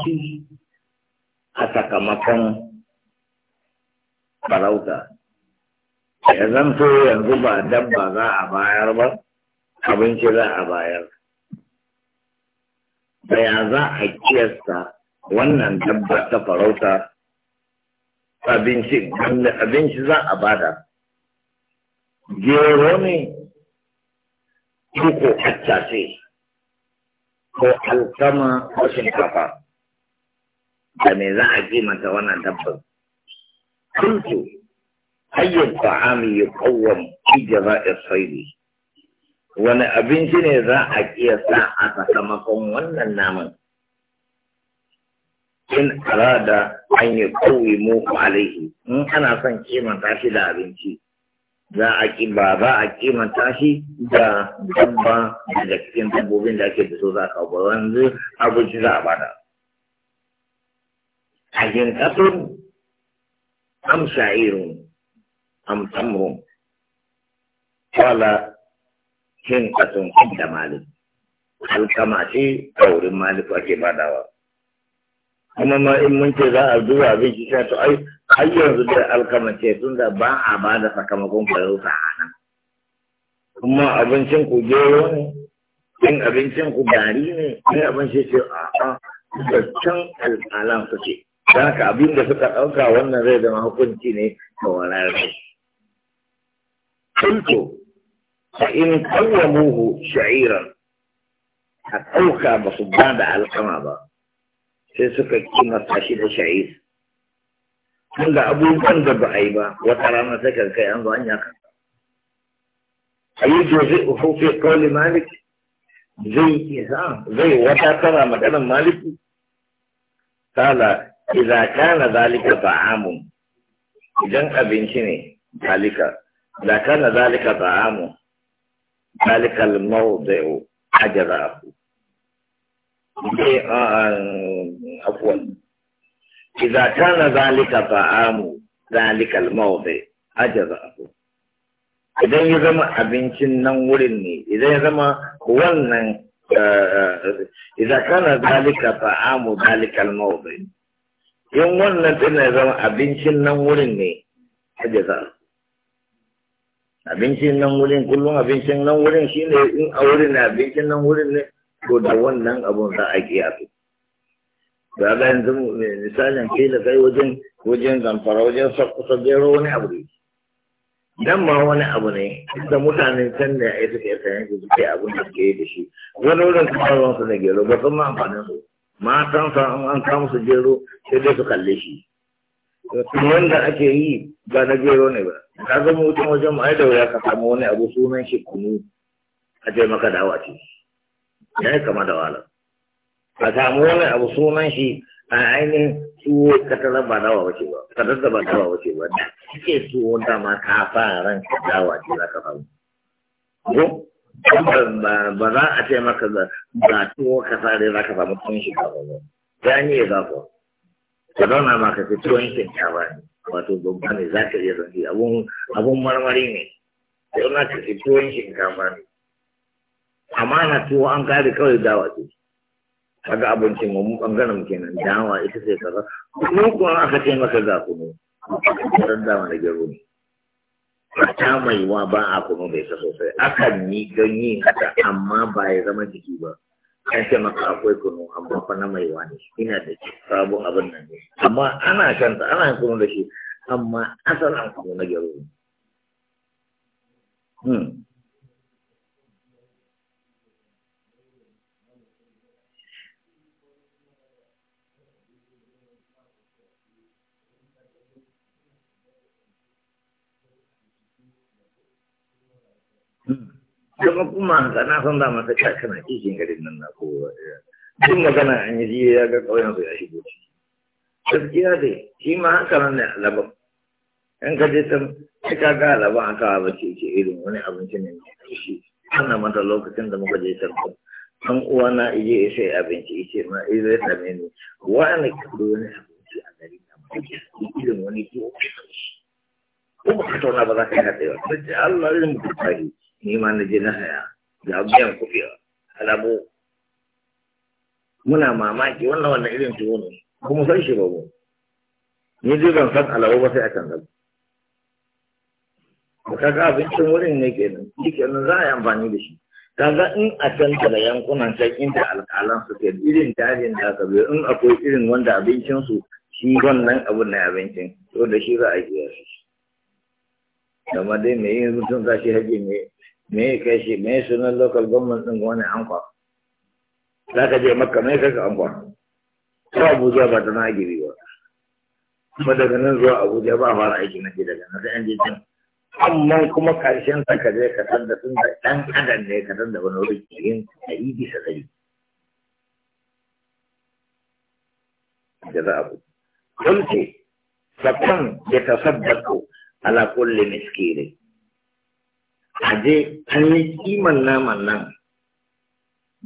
kuɗi a sakamakon farauta. Ya zanto yanzu ba dabba za a bayar ba, abinci za a bayar. Da ya za a kiyasta wannan dabba ta farauta abinci, abinci za a bada. Gero ne, ko acca ce, ko alkama ko shinkafa. da me za a mata wannan dabban kuntu hayyar ta'ami ya za a isaidi wani abinci ne za a iya sa a sakamakon wannan naman in arada an yi kawai mu alaihi in ana son kimanta shi da abinci za a ba za a kimanta shi da dabba daga cikin dabbobin da ake da so za a kawo wanzu abinci za a bada أجنة أم am أم تمر قال جنة عند مالك ce a wurin maliku ake badawa kuma ma in mun ce za a zuba abinci sha to ai har yanzu da ce tun da ba a ba da sakamakon farauta a nan kuma abincin ku gero ne in abincin ku gari ne in abincin ce a a da can alƙalan su ce don haka abin da suka ɗauka wannan zai zama hukunci ne tawararre kuntu fa in kawamuhu sha'iran a ɗauka ba su ba da alkama ba sai suka kimanta shi da sha'ir tunda abubuwan da ba a yi ba wata rana ta kan kai an zo an yaka a yi jozi uku kawali malik zai isa zai wata tara maganar maliki kala idza kana zalika ta'amun idan abinci ne zalika da kana zalika ta'amun zalika al-mawdi'u ajrahu afwan idza kana zalika ta'amu zalika al a ajzahu idan ya zama abincin nan wurin ne idan ya zama wannan idza kana zalika ta'amu zalika al-mawdi in wannan tana zama abincin nan wurin ne hajjaza abincin nan wurin kullum abincin nan wurin shine in a wurin ne abincin nan wurin ne to da wannan abun za a kiyatu ga ga yanzu misalin ke da kai wajen wajen zamfara wajen sakkusa wani abu ne dan ma wani abu ne da mutane can da ya suke sayan su suke abun da suke yi da shi wani wurin kamar wansu su na gero ba sun ma amfanin su sa an kama su gero sai dai su kalle shi wanda ake yi ba na gero ne ba ka zama wutan wajen mu ai da wuya ka samu wani abu sunan shi kunu a je maka dawa ce ya yi kama da wala a samu wani abu sunan shi a ainihin tuwo ka tarar ba dawa wace ba ka tarar ba dawa wace ba da kake tuwo dama ka fara ran dawa ce za ka samu ba za a ce maka ga tuwo ka sare za ka samu tuwon shinkafa ba ta ni ya zafa ka zauna ma ka ce tuwon shinkafa ne wato babba ne za ka iya zafi abun marmari ne sai na ka ce tuwon shinkafa ne amma na tuwo an kare kawai dawa ce kaga abincin mu bangaren kenan dawa ita ce kaza kuma kuma aka ce maka ne. kuma ka dawa na gero ne a ta maiwa ba a kuma bai ta sosai akan yi ganye haka amma ba ya zama jiki ba kan ce maka akwai kunu amma fa na wa ne ina da sabo abin nan ne amma ana shanta ana kunu da shi amma asalin kunu na gero ne hmm. kuma kuma ga na san da masa kana kishin garin nan na kowa duk magana an yi ya ga kauyen su ya shigo gaskiya dai shi ma haka nan ne alaban in ka je can sai ka ga alaban a bace ce irin wani abinci ne mai shi ana mata lokacin da muka je can an uwa na ije ya sai abinci ce ma eh, zai same ni wani kudu wani abinci a gari na ma. mai irin wani tuwo kuma ka tauna ba za ka yi haɗewa ce Allah zai mutu tarihi ni ma na je na haya da biyan kuɗi alamu. muna mamaki wannan wannan irin tuwo ne kuma san shi ba mu ni dai ban san alabo ba sai a can ba ga abincin wurin ne nan, shi nan za a yi amfani da shi ga in a can da yankunan can inda alƙalan su ke irin tarin da aka biyo in akwai irin wanda abincinsu shi wannan abun na abincin to da shi za a yi shi amma dai me yin mutum za shi haƙi ne me ya kai shi me sunan local government ɗin wani ankwa za ka je makka me kai ka ankwa ko abuja ba ta na giri ba kuma daga nan zuwa abuja ba fara aiki na ke daga nan sai an je can amma kuma karshen sa ka je ka san da tun da ɗan adam ne ka san da wani wuri cikin ɗari bisa ɗari da za a bu. Kulce, sakon ya tasaddako ala kulle miskiri. Aje je an yi kiman naman nan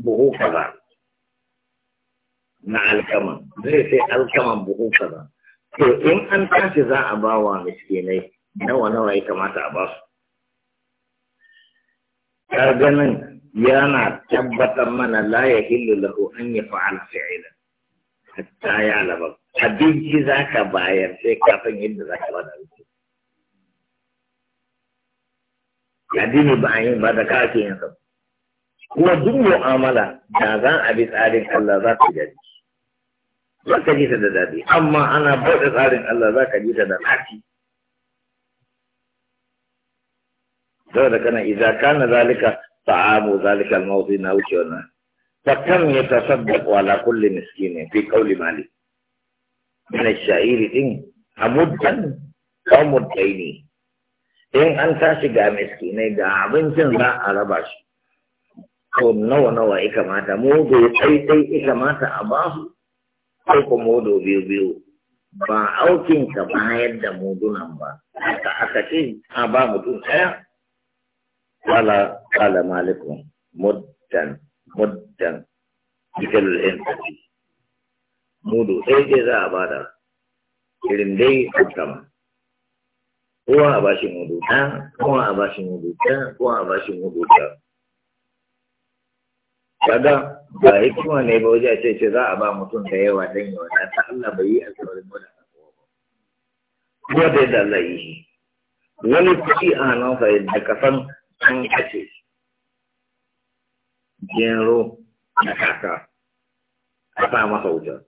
buhu kaza na alkama zai sai alkaman buhu kaza to in an tashi za a ba wa miskinai nawa nawa ya kamata a ba su ganin yana tabbatar mana la ya hillu lahu an ya fa'ala fi'ila hatta ya labar. abinci zaka bayar sai kafin yadda zaka bada addini ba a yi ba da kake yin sa kuma duk mu'amala da za a bi tsarin Allah za ta gani za ka ji ta da daɗi amma ana bauta tsarin Allah za ka ji ta da ɗaci saboda kana idza kana zalika ta'amu zalika al-mawdi na wuce wannan fa kam yatasaddaqu ala kulli miskinin fi qawli malik من الشعير دين أمدا أو مدين in an tashi ga miskinai ga abincin za a raba shi ko nawa nawa ya kamata mudu ya ɗaiɗai ya kamata a ba su ko ko mudu biyu biyu ba aukin ka bayar da mudunan ba ka aka ce a ba mutum ɗaya wala kala malikun muddan muddan bikalul intati mudu ɗaya ke za a bada irin dai kama ko a bashi mudu ɗaya ko a bashi mudu ɗaya ko a bashi mudu ɗaya kaga ba hikima ne ba wajen ce ce za a ba mutum da yawa dan yawa da ta Allah bai yi alƙawarin ba da kuma da yadda Allah yi shi wani kuɗi a hannunsa yadda da san an kace gero da kaka a sa masa wuta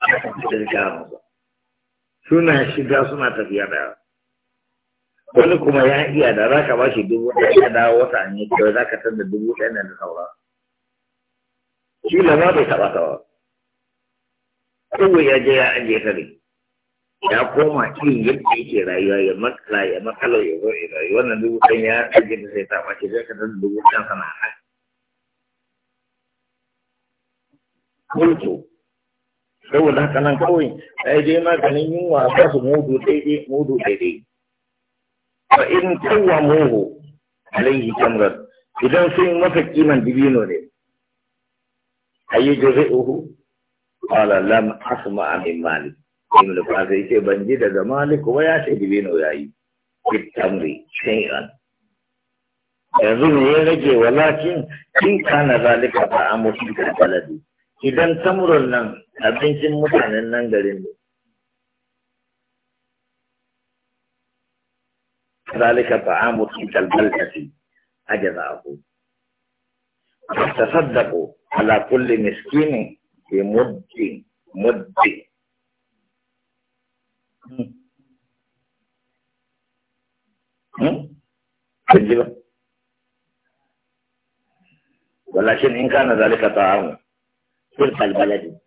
a sa masa suna shiga suna tafiya da wani kuma ya iya da za ka ba shi dubu ɗaya ya dawo wata ne kawai za ka san da dubu ɗaya na da saura shi da ma bai taɓa tawa kuma ya je ya ajiye ta ne ya koma irin yadda yake rayuwa ya matsala ya matsala ya zo ya rayu wannan dubu ɗaya ya ajiye ta sai ta ɓace zai ka san dubu ɗaya sana'a. Kulto, saboda haka nan kawai sai dai maganin yunwa ba su mudu daidai mudu daidai fa in kuwa muhu alaihi jamrat idan sun masa kiman dibino ne ayi uhu ala lam asma in malik ba zai ce ban ji daga mali kuma ya ce dibino yayi bitamri shay'an yanzu ne ya rage walakin Kin kana zalika fa amutu baladi idan tamurin nan abincin mutanen nan garin ne ذلك طعام تلك البلدة أجزاؤه تصدقوا على كل مسكين بمد مد ولا شيء إن كان ذلك طعامه تلك البلد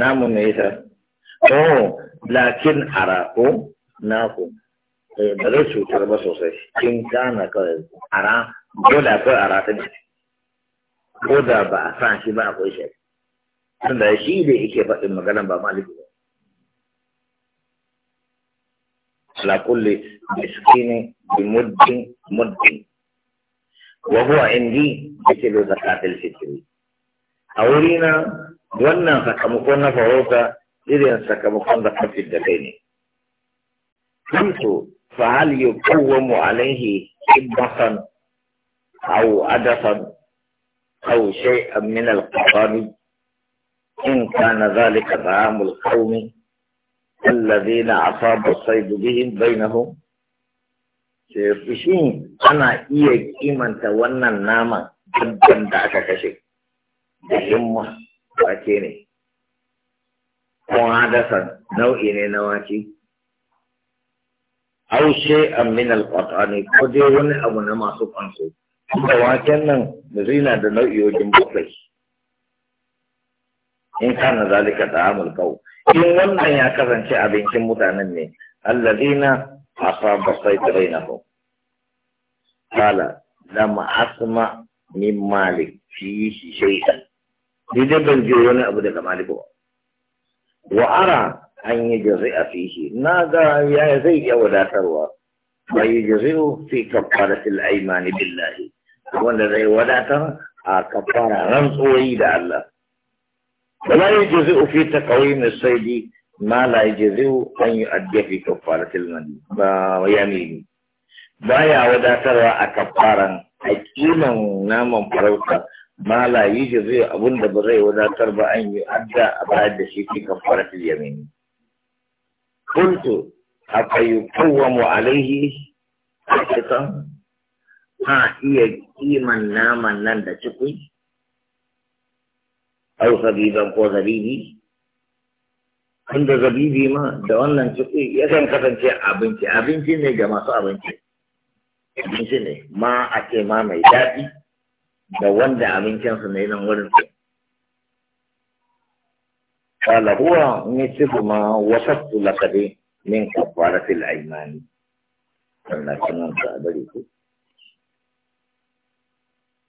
نعم ميسر أوه لكن أراكم ناكم ba zai cutar ba sosai in kana ka ara ko da akwai ara ta ne ko da ba a sa shi ba akwai shi tunda shi da yake faɗin maganan ba maliki ba ala kulli bi muddin muddin وهو عندي مثل زكاة الفطر أورينا دوانا فكمكونا فروكا إذن سكمكونا في الدفين قلت فهل يقوم عليه إبخا أو عدفا أو شيئا من القطان إن كان ذلك رام القوم الذين أصابوا الصيد بهم بينهم سيفشين ana iya kimanta wannan naman dabban da aka kashe da himma wake ne ko dasa nau'i ne na wake au shay'an min al-qatani ko dai wani abu na masu kwanso kuma waken nan da zina da nau'i bakwai in kana zalika amul kau, in wannan ya kasance abincin mutanen ne alladina asaba sayt bainahum قال لم أسمع من مالك فيه شيئا لذا بنجيون أبو دك مالك وأرى أن يجزئ فيه نادى يا زيد زي ولا تروى ويجزئ في كفارة الأيمان بالله وأن زي ولا ترى آه كفارة رمز وعيد الله ولا يجزئ في تقويم الصيد ما لا يجزئ أن يؤدي في كفارة المدينة ويمين baya wadatarwa a kafaran a kiman naman farauta mala yi da zai abun da ba zai wadatar ba an yi adda a bayar da shi fi kafara fil yamini kuntu afa mu alaihi akitan ha iya kiman naman nan da cikui au zabiban ko zabibi inda zabibi ma da wannan cikui yakan kasance abinci abinci ne ga masu abinci abinci ne ma a ce ma mai daɗi da wanda abincinsu ne nan wurin su kala huwa ne ci kuma wasattu lakade min kafaratil aimani Allah kanan ka bari ku